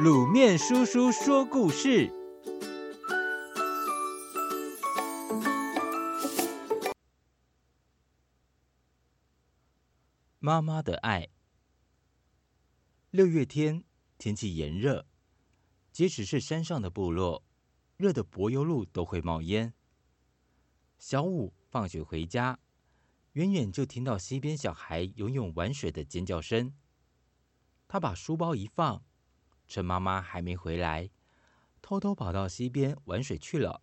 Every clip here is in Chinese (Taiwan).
滷麵叔叔說故事：媽媽的愛。六月天，天氣炎熱，即使是山上的部落，熱的柏油路都會冒煙。小五放學回家，遠遠就聽到溪邊小孩游泳玩水的尖叫聲。他把書包一放。趁媽媽還沒回來，偷偷跑到溪邊玩水去了。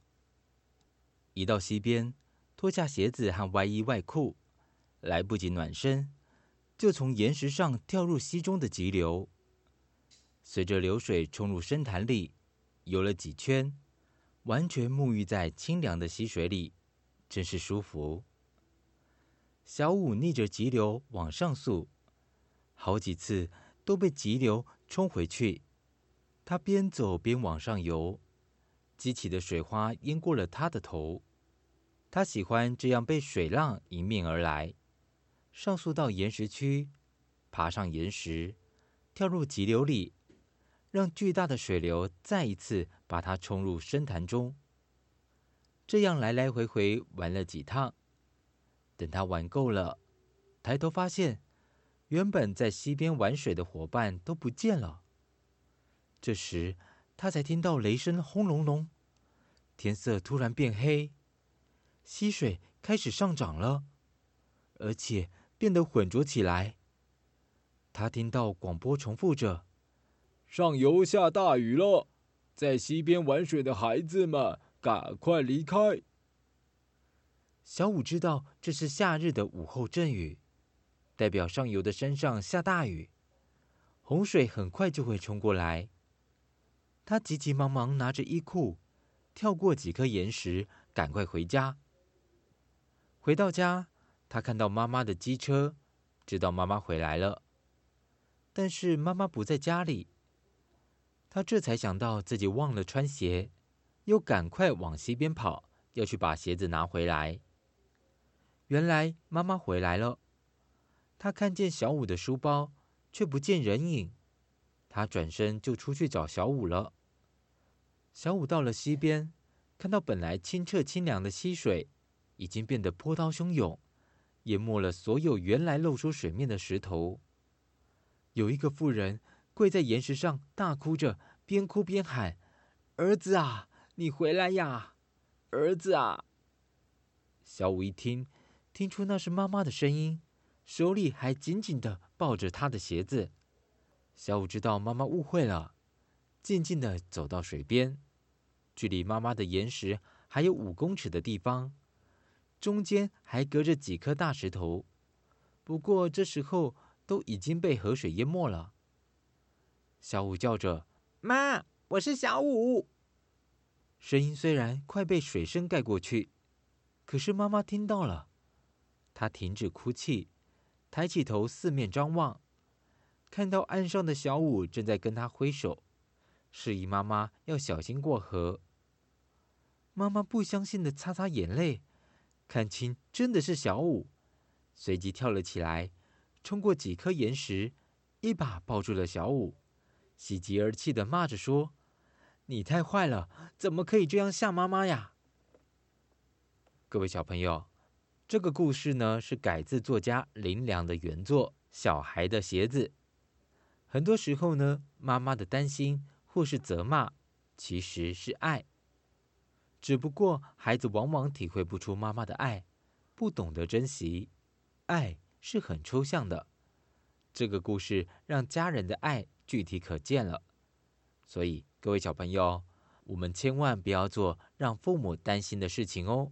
一到溪邊，脫下鞋子和外衣外褲，來不及暖身，就從岩石上跳入溪中的急流，隨着流水沖入深潭裡，游了幾圈，完全沐浴在清涼的溪水裡，真是舒服。小五逆着急流往上溯，好幾次都被急流沖回去。他邊走邊往上游，激起的水花淹過了他的頭。他喜歡這樣被水浪迎面而來，上溯到岩石區，爬上岩石，跳入急流裡，讓巨大的水流再一次把他沖入深潭中。這樣來來回回玩了幾趟，等他玩夠了，抬頭發現，原本在溪邊玩水的夥伴都不見了。這時，他才聽到雷聲轟隆隆，天色突然變黑，溪水開始上漲了，而且變得渾濁起來。他聽到廣播重複着：“上游下大雨了，在溪邊玩水的孩子們，趕快離開。”小五知道這是夏日的午後陣雨，代表上游的山上下大雨，洪水很快就會衝過來。他急急忙忙拿着衣褲，跳過幾顆岩石，趕快回家。回到家，他看到媽媽的機車，知道媽媽回來了。但是媽媽不在家裡，他這才想到自己忘了穿鞋，又趕快往西邊跑，要去把鞋子拿回來。原來媽媽回來了，他看見小五的書包，卻不見人影，他轉身就出去找小五了。小五到了溪邊，看到本來清澈清涼的溪水，已經變得波濤洶湧，淹沒了所有原來露出水面的石頭。有一個婦人跪在岩石上，大哭着，邊哭邊喊：“兒子啊，你回來呀！兒子啊！”小五一聽，聽出那是媽媽的聲音，手裡還緊緊的抱着她的鞋子。小五知道媽媽誤會了。靜靜地走到水邊，距離媽媽的岩石，還有五公尺的地方，中間還隔着幾顆大石頭。不過這時候都已經被河水淹沒了。小五叫着：“媽，我是小五。”聲音雖然快被水聲蓋過去，可是媽媽聽到了，她停止哭泣，抬起頭四面張望，看到岸上的小五正在跟她揮手。示意媽媽要小心過河。媽媽不相信地擦擦眼淚，看清真的是小舞，隨即跳了起來，衝過幾顆岩石，一把抱住了小舞，喜極而泣地罵着說：“你太壞了，怎麼可以這樣嚇媽媽呀？”各位小朋友，這個故事呢是改自作家林良的原作《小孩的鞋子》。很多時候呢，媽媽的擔心。或是責罵，其實是愛，只不過孩子往往體會不出媽媽的愛，不懂得珍惜。愛是很抽象的，這個故事讓家人的愛具體可見了。所以，各位小朋友，我們千萬不要做讓父母擔心的事情哦。